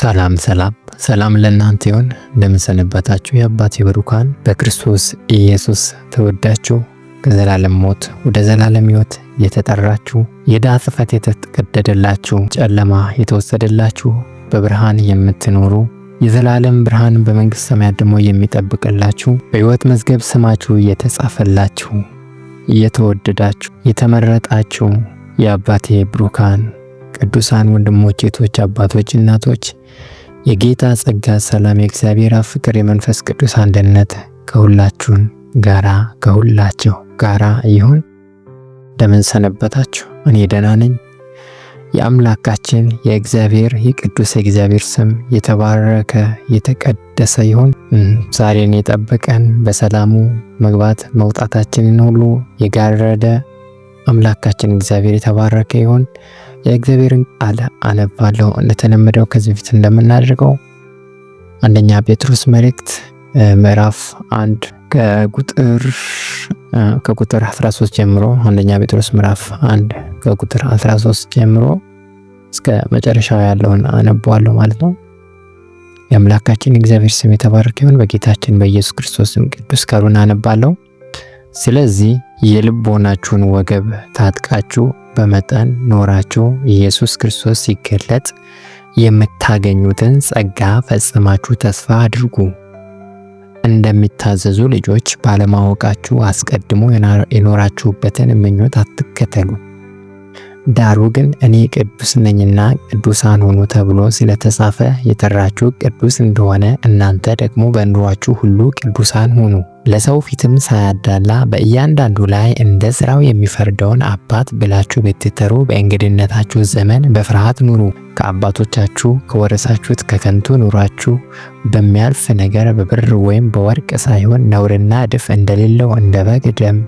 ሰላም ሰላም ሰላም ለእናንተ ይሁን። እንደምንሰንበታችሁ የአባቴ ብሩካን በክርስቶስ ኢየሱስ ተወዳችሁ ከዘላለም ሞት ወደ ዘላለም ሕይወት የተጠራችሁ የዕዳ ጽሕፈት የተቀደደላችሁ ጨለማ የተወሰደላችሁ በብርሃን የምትኖሩ የዘላለም ብርሃን በመንግሥተ ሰማያት ደግሞ የሚጠብቅላችሁ በሕይወት መዝገብ ስማችሁ የተጻፈላችሁ የተወደዳችሁ የተመረጣችሁ የአባቴ ብሩካን ቅዱሳን ወንድሞች፣ ሴቶች፣ አባቶች፣ እናቶች የጌታ ጸጋ፣ ሰላም፣ የእግዚአብሔር ፍቅር፣ የመንፈስ ቅዱስ አንድነት ከሁላችሁን ጋራ ከሁላችሁ ጋራ ይሁን። እንደምን ሰነበታችሁ? እኔ ደህና ነኝ። የአምላካችን የእግዚአብሔር የቅዱስ የእግዚአብሔር ስም የተባረከ የተቀደሰ ይሁን። ዛሬን የጠበቀን በሰላሙ መግባት መውጣታችንን ሁሉ የጋረደ አምላካችን እግዚአብሔር የተባረከ ይሁን። የእግዚአብሔርን ቃል አነባለሁ። እንደተለመደው ከዚህ በፊት እንደምናደርገው አንደኛ ጴጥሮስ መልእክት ምዕራፍ አንድ ከቁጥር ከቁጥር 13 ጀምሮ አንደኛ ጴጥሮስ ምዕራፍ አንድ ከቁጥር 13 ጀምሮ እስከ መጨረሻው ያለውን አነባለሁ ማለት ነው። የአምላካችን እግዚአብሔር ስም የተባረከ ይሁን። በጌታችን በኢየሱስ ክርስቶስም ቅዱስ ከሩን አነባለሁ። ስለዚህ የልቦናችሁን ወገብ ታጥቃችሁ በመጠን ኖራችሁ ኢየሱስ ክርስቶስ ሲገለጥ የምታገኙትን ጸጋ ፈጽማችሁ ተስፋ አድርጉ። እንደሚታዘዙ ልጆች ባለማወቃችሁ አስቀድሞ የኖራችሁበትን ምኞት አትከተሉ። ዳሩ ግን እኔ ቅዱስ ነኝና ቅዱሳን ሆኑ ተብሎ ስለተጻፈ የጠራችሁ ቅዱስ እንደሆነ እናንተ ደግሞ በኑሯችሁ ሁሉ ቅዱሳን ሁኑ። ለሰው ፊትም ሳያዳላ በእያንዳንዱ ላይ እንደ ስራው የሚፈርደውን አባት ብላችሁ ብትጠሩ በእንግድነታችሁ ዘመን በፍርሃት ኑሩ። ከአባቶቻችሁ ከወረሳችሁት ከከንቱ ኑሯችሁ በሚያልፍ ነገር በብር ወይም በወርቅ ሳይሆን ነውርና እድፍ እንደሌለው እንደ በግ ደም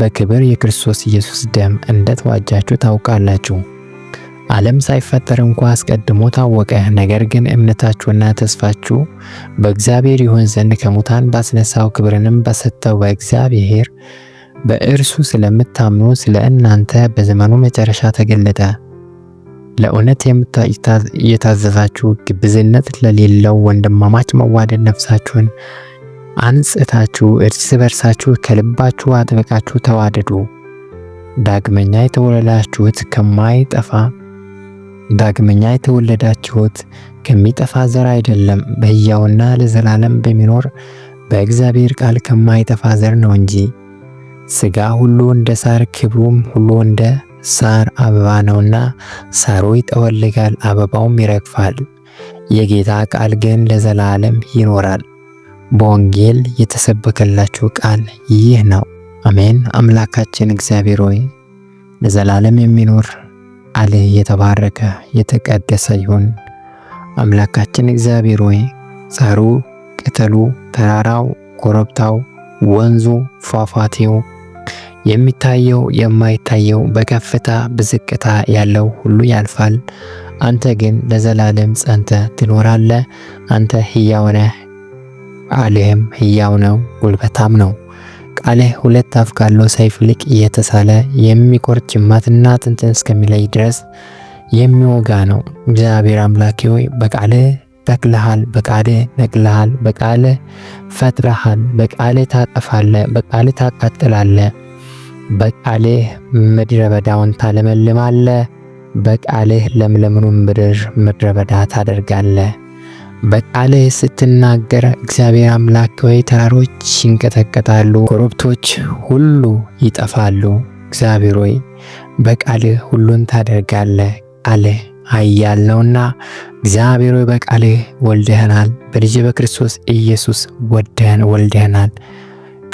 በክብር የክርስቶስ ኢየሱስ ደም እንደተዋጃችሁ ታውቃላችሁ። ዓለም ሳይፈጠር እንኳ አስቀድሞ ታወቀ። ነገር ግን እምነታችሁና ተስፋችሁ በእግዚአብሔር ይሆን ዘንድ ከሙታን ባስነሳው ክብርንም በሰጠው በእግዚአብሔር በእርሱ ስለምታምኑ ስለ እናንተ በዘመኑ መጨረሻ ተገለጠ። ለእውነት የታዘዛችሁ ግብዝነት ለሌለው ወንድማማች መዋደድ ነፍሳችሁን አንጽታችሁ እርስ በርሳችሁ ከልባችሁ አጥብቃችሁ ተዋደዱ። ዳግመኛ የተወለዳችሁት ከማይጠፋ ዳግመኛ የተወለዳችሁት ከሚጠፋ ዘር አይደለም፣ በሕያውና ለዘላለም በሚኖር በእግዚአብሔር ቃል ከማይጠፋ ዘር ነው እንጂ። ሥጋ ሁሉ እንደ ሳር ክብሩም ሁሉ እንደ ሳር አበባ ነውና፣ ሳሩ ይጠወልጋል፣ አበባውም ይረግፋል፣ የጌታ ቃል ግን ለዘላለም ይኖራል። በወንጌል የተሰበከላችሁ ቃል ይህ ነው። አሜን። አምላካችን እግዚአብሔር ሆይ ለዘላለም የሚኖር ቃል የተባረከ የተቀደሰ ይሁን። አምላካችን እግዚአብሔር ሆይ ጸሩ፣ ቅጠሉ፣ ተራራው፣ ኮረብታው፣ ወንዙ፣ ፏፏቴው የሚታየው የማይታየው በከፍታ በዝቅታ ያለው ሁሉ ያልፋል። አንተ ግን ለዘላለም ጸንተ ትኖራለህ። አንተ ህያው ነህ፣ ቃልህም ህያው ነው፣ ጉልበታም ነው። ከአለ ሁለት አፍ ካለው ሰይፍ ይልቅ እየተሳለ የሚቆርጥ ጅማትና አጥንትን እስከሚለይ ድረስ የሚወጋ ነው። እግዚአብሔር አምላኬ ሆይ በቃለ ተክልሃል፣ በቃለ ነቅልሃል፣ በቃለ ፈጥረሃል፣ በቃለ ታጠፋለ፣ በቃለ ታቃጥላለ፣ በቃለ ምድረ በዳውን ታለመልማለ፣ በቃለ ለምለምኑን ምድር ምድረ በዳ ታደርጋለ። በቃልህ ስትናገር እግዚአብሔር አምላክ ወይ ተራሮች ይንቀጠቀጣሉ፣ ኮረብቶች ሁሉ ይጠፋሉ። እግዚአብሔር ወይ በቃልህ ሁሉን ታደርጋለህ። ቃልህ ኃያል ነውና እግዚአብሔር ወይ በቃልህ ወልደህናል። በልጅ በክርስቶስ ኢየሱስ ወደህን ወልደህናል።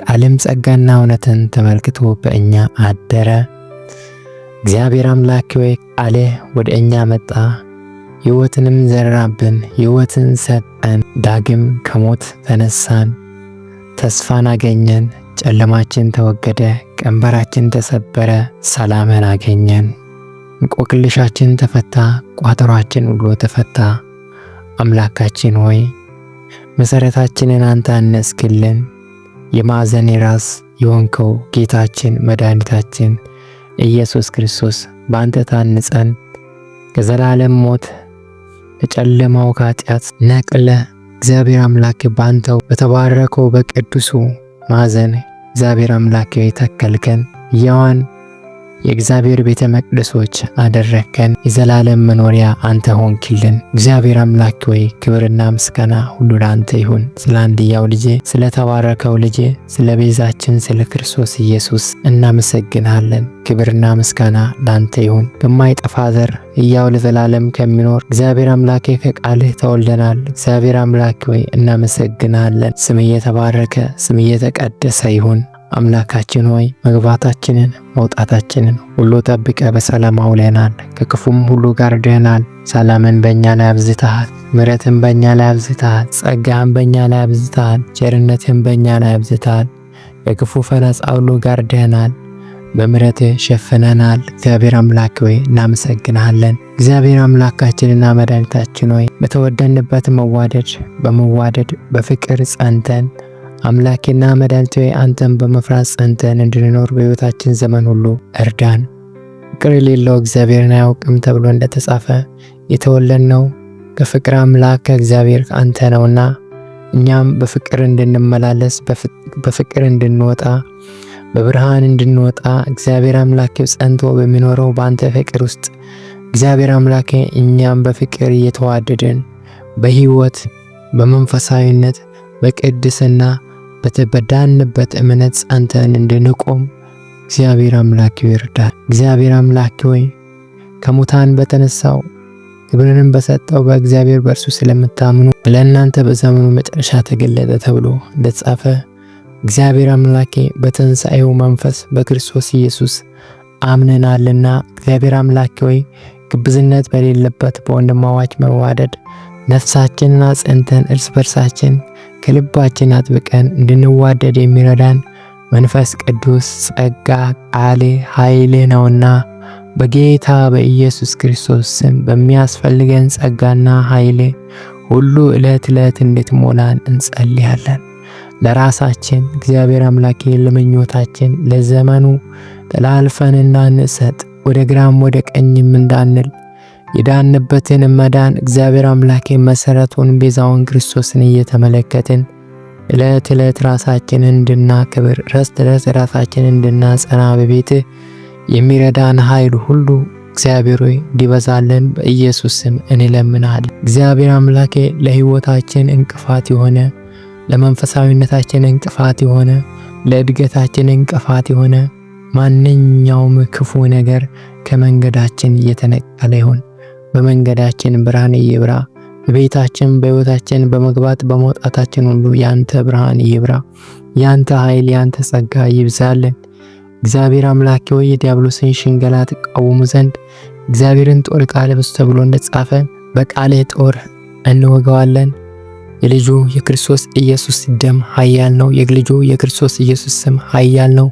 ቃልም ጸጋና እውነትን ተመልክቶ በእኛ አደረ። እግዚአብሔር አምላክ ወይ ቃልህ ወደ እኛ መጣ። ሕይወትንም ዘራብን፣ ሕይወትን ሰጠን። ዳግም ከሞት ተነሳን፣ ተስፋን አገኘን። ጨለማችን ተወገደ፣ ቀንበራችን ተሰበረ፣ ሰላምን አገኘን። እንቆቅልሻችን ተፈታ፣ ቋጠሯችን ሁሉ ተፈታ። አምላካችን ሆይ መሠረታችንን አንተ አነስክልን። የማዕዘኔ ራስ የሆንከው ጌታችን መድኃኒታችን ኢየሱስ ክርስቶስ በአንተ ታንጸን ከዘላለም ሞት ከጨለማው ከኃጢአት ነቅለ እግዚአብሔር አምላክ ባንተው በተባረከው በቅዱሱ ማዕዘን እግዚአብሔር አምላክ የተከልከን ሕያዋን የእግዚአብሔር ቤተ መቅደሶች አደረግከን። የዘላለም መኖሪያ አንተ ሆንክልን። እግዚአብሔር አምላክ ወይ ክብርና ምስጋና ሁሉ ለአንተ ይሁን። ስለ አንድያው ልጄ ስለ ተባረከው ልጄ ስለ ቤዛችን ስለ ክርስቶስ ኢየሱስ እናመሰግናለን። ክብርና ምስጋና ለአንተ ይሁን። በማይጠፋ ዘር እያው ለዘላለም ከሚኖር እግዚአብሔር አምላኬ ከቃልህ ተወልደናል። እግዚአብሔር አምላክ ወይ እናመሰግናለን። ስም እየተባረከ ስም እየተቀደሰ ይሁን። አምላካችን ሆይ መግባታችንን መውጣታችንን ሁሉ ጠብቀ በሰላም አውለናል። ከክፉም ሁሉ ጋር ደህናል። ሰላምን በእኛ ላይ አብዝተሃል። ምረትን በእኛ ላይ አብዝተሃል። ጸጋን በእኛ ላይ አብዝተሃል። ቸርነትን በእኛ ላይ አብዝተሃል። ከክፉ ፈላጻ ሁሉ ጋር ደህናል። በምረት ሸፍነናል። እግዚአብሔር አምላክ ሆይ እናመሰግናለን። እግዚአብሔር አምላካችንና መድኃኒታችን ሆይ በተወደንበት መዋደድ በመዋደድ በፍቅር ጸንተን አምላኬና መድኃኒቴ አንተን በመፍራት ጸንተን እንድንኖር በሕይወታችን ዘመን ሁሉ እርዳን። ፍቅር የሌለው እግዚአብሔርን አያውቅም ተብሎ እንደተጻፈ የተወለድነው ከፍቅር አምላክ ከእግዚአብሔር አንተ ነውና እኛም በፍቅር እንድንመላለስ በፍቅር እንድንወጣ በብርሃን እንድንወጣ እግዚአብሔር አምላኬ ጸንቶ በሚኖረው በአንተ ፍቅር ውስጥ እግዚአብሔር አምላኬ እኛም በፍቅር እየተዋደድን በሕይወት በመንፈሳዊነት በቅድስና በተበዳንበት እምነት ጸንተን እንድንቆም እግዚአብሔር አምላክ ይርዳል። እግዚአብሔር አምላክ ሆይ ከሙታን በተነሳው ክብርንም በሰጠው በእግዚአብሔር በእርሱ ስለምታምኑ ለእናንተ በዘመኑ መጨረሻ ተገለጠ ተብሎ እንደተጻፈ እግዚአብሔር አምላኬ በትንሣኤው መንፈስ በክርስቶስ ኢየሱስ አምነናልና እግዚአብሔር አምላኬ ሆይ ግብዝነት በሌለበት በወንድማዋች መዋደድ ነፍሳችንን አጽንተን እርስ በርሳችን ከልባችን አጥብቀን እንድንዋደድ የሚረዳን መንፈስ ቅዱስ ጸጋ፣ ቃሌ ኃይሌ ነውና በጌታ በኢየሱስ ክርስቶስ ስም በሚያስፈልገን ጸጋና ኃይሌ ሁሉ ዕለት ዕለት እንድትሞላን እንጸልያለን። ለራሳችን እግዚአብሔር አምላኬ ለምኞታችን ለዘመኑ ተላልፈን እንዳንሰጥ ወደ ግራም ወደ ቀኝም እንዳንል የዳንበትን መዳን እግዚአብሔር አምላኬ መሰረቱን ቤዛውን ክርስቶስን እየተመለከትን እለት እለት ራሳችን እንድናክብር ረስ ረስ ራሳችን እንድናጸና በቤት የሚረዳን ኃይል ሁሉ እግዚአብሔር ሆይ እንዲበዛለን በኢየሱስ ስም እንለምናለን። እግዚአብሔር አምላኬ ለሕይወታችን እንቅፋት የሆነ ለመንፈሳዊነታችን እንቅፋት የሆነ ለእድገታችን እንቅፋት የሆነ ማንኛውም ክፉ ነገር ከመንገዳችን እየተነቀለ ይሁን። በመንገዳችን ብርሃን ይብራ። በቤታችን በህይወታችን በመግባት በመውጣታችን ሁሉ ያንተ ብርሃን ይብራ። ያንተ ኃይል ያንተ ጸጋ ይብዛልን። እግዚአብሔር አምላኬ ሆይ የዲያብሎስን ሽንገላ ተቃወሙ ዘንድ እግዚአብሔርን ጦር ቃል ብስ ተብሎ እንደጻፈ በቃልህ ጦር እንወገዋለን። የልጁ የክርስቶስ ኢየሱስ ደም ኃያል ነው። የልጁ የክርስቶስ ኢየሱስ ስም ኃያል ነው።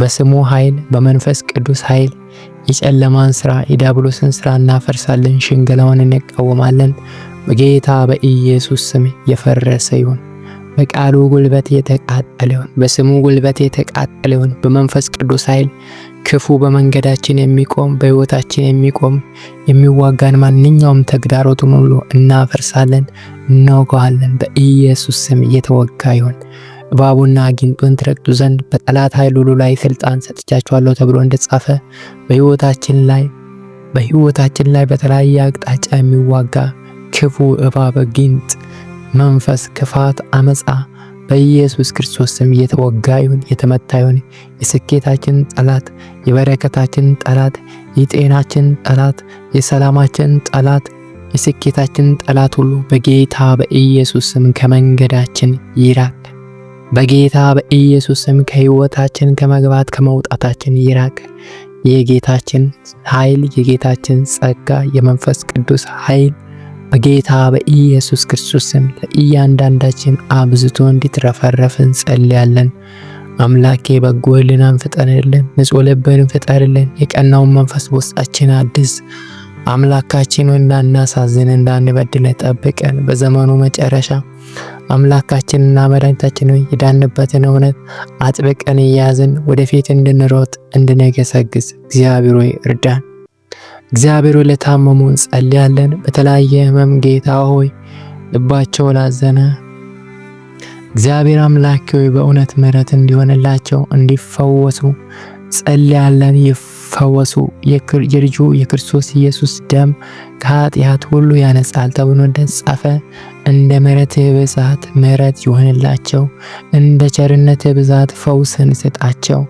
በስሙ ኃይል በመንፈስ ቅዱስ ኃይል የጨለማን ስራ የዲያብሎስን ስራ እናፈርሳለን፣ ሽንገላውን እንቃወማለን። በጌታ በኢየሱስ ስም የፈረሰ ይሁን። በቃሉ ጉልበት የተቃጠለ ይሁን። በስሙ ጉልበት የተቃጠለ ይሁን። በመንፈስ ቅዱስ ኃይል ክፉ በመንገዳችን የሚቆም በሕይወታችን የሚቆም የሚዋጋን ማንኛውም ተግዳሮቱን ሁሉ እናፈርሳለን፣ እናውገዋለን። በኢየሱስ ስም እየተወጋ ይሁን። እባቡና ጊንጡን ትረግጡ ዘንድ በጠላት ኃይል ሁሉ ላይ ስልጣን ሰጥቻችኋለሁ ተብሎ እንደጻፈ በህይወታችን ላይ በህይወታችን ላይ በተለያየ አቅጣጫ የሚዋጋ ክፉ እባብ፣ ጊንጥ፣ መንፈስ፣ ክፋት፣ አመፃ በኢየሱስ ክርስቶስ ስም የተወጋ ይሁን፣ የተመታ ይሁን። የስኬታችን ጠላት፣ የበረከታችን ጠላት፣ የጤናችን ጠላት፣ የሰላማችን ጠላት፣ የስኬታችን ጠላት ሁሉ በጌታ በኢየሱስ ስም ከመንገዳችን ይራቅ። በጌታ በኢየሱስ ስም ከህይወታችን ከመግባት ከመውጣታችን ይራቅ። የጌታችን ኃይል የጌታችን ጸጋ የመንፈስ ቅዱስ ኃይል በጌታ በኢየሱስ ክርስቶስ ስም ለእያንዳንዳችን አብዝቶ እንዲትረፈረፍ እንጸልያለን። አምላኬ በጎ ህልናን ፍጠርልን፣ ልብን ፍጠርልን፣ የቀናውን መንፈስ በውስጣችን አድስ አምላካችን እንዳናሳዝን እንዳንበድለ ጠብቀን። በዘመኑ መጨረሻ አምላካችንና መድኃኒታችን ሆይ የዳንበትን እውነት አጥብቀን እያያዝን ወደፊት እንድንሮጥ እንድንገሰግስ እግዚአብሔር ሆይ እርዳን። እግዚአብሔር ሆይ ለታመሙ እንጸልያለን። በተለያየ ህመም ጌታ ሆይ ልባቸው ላዘነ እግዚአብሔር አምላክ ሆይ በእውነት ምሕረት እንዲሆንላቸው እንዲፈወሱ ጸልያለን። ይፈ ፈወሱ። የልጁ የክርስቶስ ኢየሱስ ደም ከኃጢአት ሁሉ ያነጻል ተብሎ እንደተጻፈ እንደ ምሕረትህ ብዛት ምሕረት ይሆንላቸው፣ እንደ ቸርነት ብዛት ፈውስን ስጣቸው።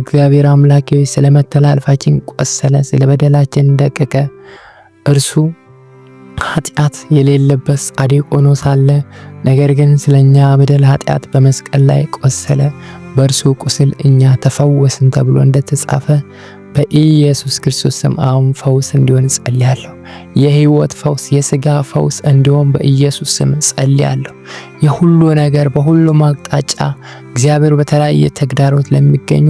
እግዚአብሔር አምላኬ ስለ መተላለፋችን ቆሰለ፣ ስለ በደላችን ደቀቀ። እርሱ ኃጢአት የሌለበት ጻድቅ ሆኖ ሳለ ነገር ግን ስለኛ በደል ኃጢአት በመስቀል ላይ ቆሰለ። በእርሱ ቁስል እኛ ተፈወስን ተብሎ እንደተጻፈ በኢየሱስ ክርስቶስ ስም አሁን ፈውስ እንዲሆን ጸልያለሁ። የህይወት ፈውስ፣ የስጋ ፈውስ እንዲሆን በኢየሱስ ስም ጸልያለሁ። የሁሉ ነገር በሁሉም አቅጣጫ እግዚአብሔር በተለያየ ተግዳሮት ለሚገኙ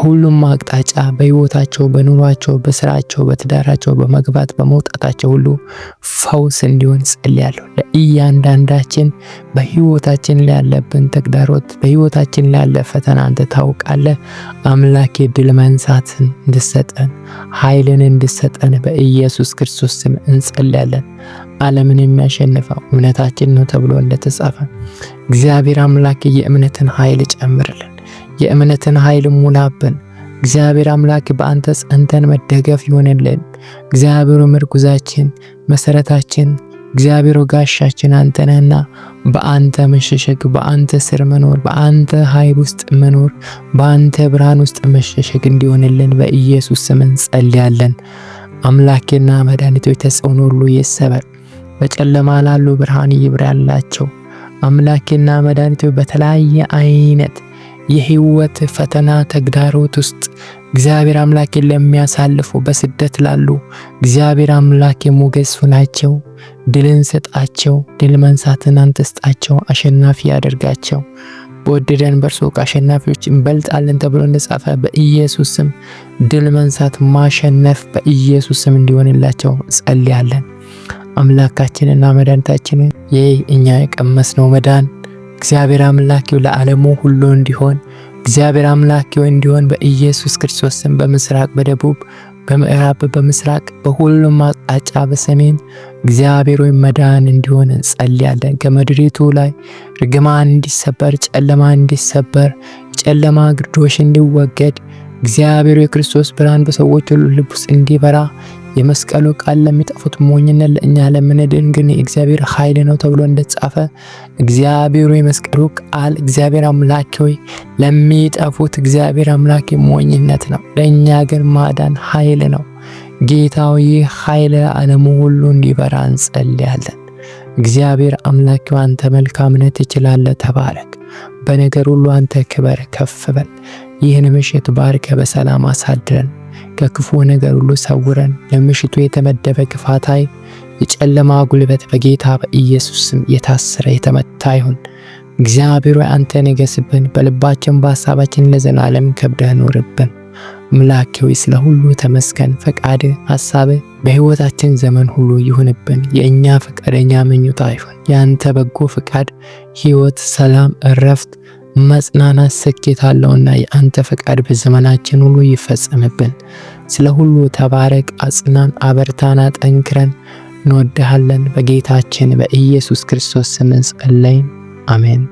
ሁሉም አቅጣጫ በህይወታቸው፣ በኑሯቸው፣ በስራቸው፣ በትዳራቸው፣ በመግባት በመውጣታቸው ሁሉ ፈውስ እንዲሆን ጸልያለሁ። ለእያንዳንዳችን በህይወታችን ላለብን ተግዳሮት፣ በህይወታችን ላለ ፈተና አንተ ታውቃለህ። አምላክ ድል መንሳትን እንድሰጠን፣ ኃይልን እንድሰጠን በኢየሱስ ክርስቶስ ስም እንጸልያለን። ዓለምን የሚያሸንፈው እምነታችን ነው ተብሎ እንደተጻፈ እግዚአብሔር አምላክ የእምነትን ኃይል ጨምርልን። የእምነትን ኃይል ሙላብን። እግዚአብሔር አምላክ በአንተ ጸንተን መደገፍ ይሆንልን። እግዚአብሔር ምርኩዛችን፣ መሰረታችን፣ እግዚአብሔር ጋሻችን አንተ ነህና በአንተ መሸሸግ፣ በአንተ ስር መኖር፣ በአንተ ኃይል ውስጥ መኖር፣ በአንተ ብርሃን ውስጥ መሸሸግ እንዲሆንልን በኢየሱስ ስም እንጸልያለን። አምላኬና መድኃኒቶች ተጽዕኖ ሁሉ ይሰበር፣ በጨለማ ላሉ ብርሃን ይብራላቸው። አምላኬና መድኃኒቶች በተለያየ አይነት የህይወት ፈተና ተግዳሮት ውስጥ እግዚአብሔር አምላኬ ለሚያሳልፉ በስደት ላሉ እግዚአብሔር አምላኬ ሞገስ ሁናቸው፣ ድልን ስጣቸው፣ ድል መንሳትን አንተ ስጣቸው፣ አሸናፊ ያደርጋቸው። በወደደን በእርሱ ከአሸናፊዎች እንበልጣለን ተብሎ እንደጻፈ በኢየሱስ ስም ድል መንሳት ማሸነፍ በኢየሱስ ስም እንዲሆንላቸው ጸልያለን። አምላካችንና መድኃኒታችን ይህ እኛ የቀመስነው መዳን እግዚአብሔር አምላክ ለዓለሙ ሁሉ እንዲሆን እግዚአብሔር አምላክ እንዲሆን በኢየሱስ ክርስቶስ ስም በምስራቅ፣ በደቡብ፣ በምዕራብ፣ በምስራቅ፣ በሁሉም አቅጣጫ በሰሜን እግዚአብሔር ሆይ መዳን እንዲሆን እንጸልያለን። ከምድሪቱ ላይ ርግማ እንዲሰበር፣ ጨለማ እንዲሰበር፣ ጨለማ ግርዶሽ እንዲወገድ እግዚአብሔር የክርስቶስ ብርሃን በሰዎች ሁሉ ልብ ውስጥ እንዲበራ የመስቀሉ ቃል ለሚጠፉት ሞኝነት፣ ለእኛ ለምንድን ግን የእግዚአብሔር ኃይል ነው ተብሎ እንደተጻፈ እግዚአብሔሩ የመስቀሉ ቃል እግዚአብሔር አምላክ ሆይ ለሚጠፉት እግዚአብሔር አምላክ ሞኝነት ነው፣ ለእኛ ግን ማዳን ኃይል ነው። ጌታው ይህ ኃይል ለዓለሙ ሁሉ እንዲበራ እንጸልያለን። እግዚአብሔር አምላክ አንተ መልካምነት ትችላለህ፣ ተባረክ። በነገር ሁሉ አንተ ክበር ከፍ በል። ይህን ምሽት ባርከ፣ በሰላም አሳድረን። ከክፉ ነገር ሁሉ ሰውረን። ለምሽቱ የተመደበ ክፋታይ የጨለማ ጉልበት በጌታ በኢየሱስ ስም የታሰረ የተመታ ይሁን። እግዚአብሔር ሆይ አንተ ንገስብን፣ በልባችን በሀሳባችን ለዘላለም ከብደህ ኖርብን። አምላኬ ሆይ ስለ ሁሉ ተመስገን። ፈቃድ ሀሳብ በህይወታችን ዘመን ሁሉ ይሁንብን። የእኛ ፈቃደኛ ምኞት አይሁን፣ የአንተ በጎ ፈቃድ፣ ህይወት፣ ሰላም፣ እረፍት መጽናናት ስኬት አለውና የአንተ ፈቃድ በዘመናችን ሁሉ ይፈጸምብን። ስለ ሁሉ ተባረክ፣ አጽናን፣ አበርታና ጠንክረን እንወድሃለን። በጌታችን በኢየሱስ ክርስቶስ ስም ጸለይን። አሜን።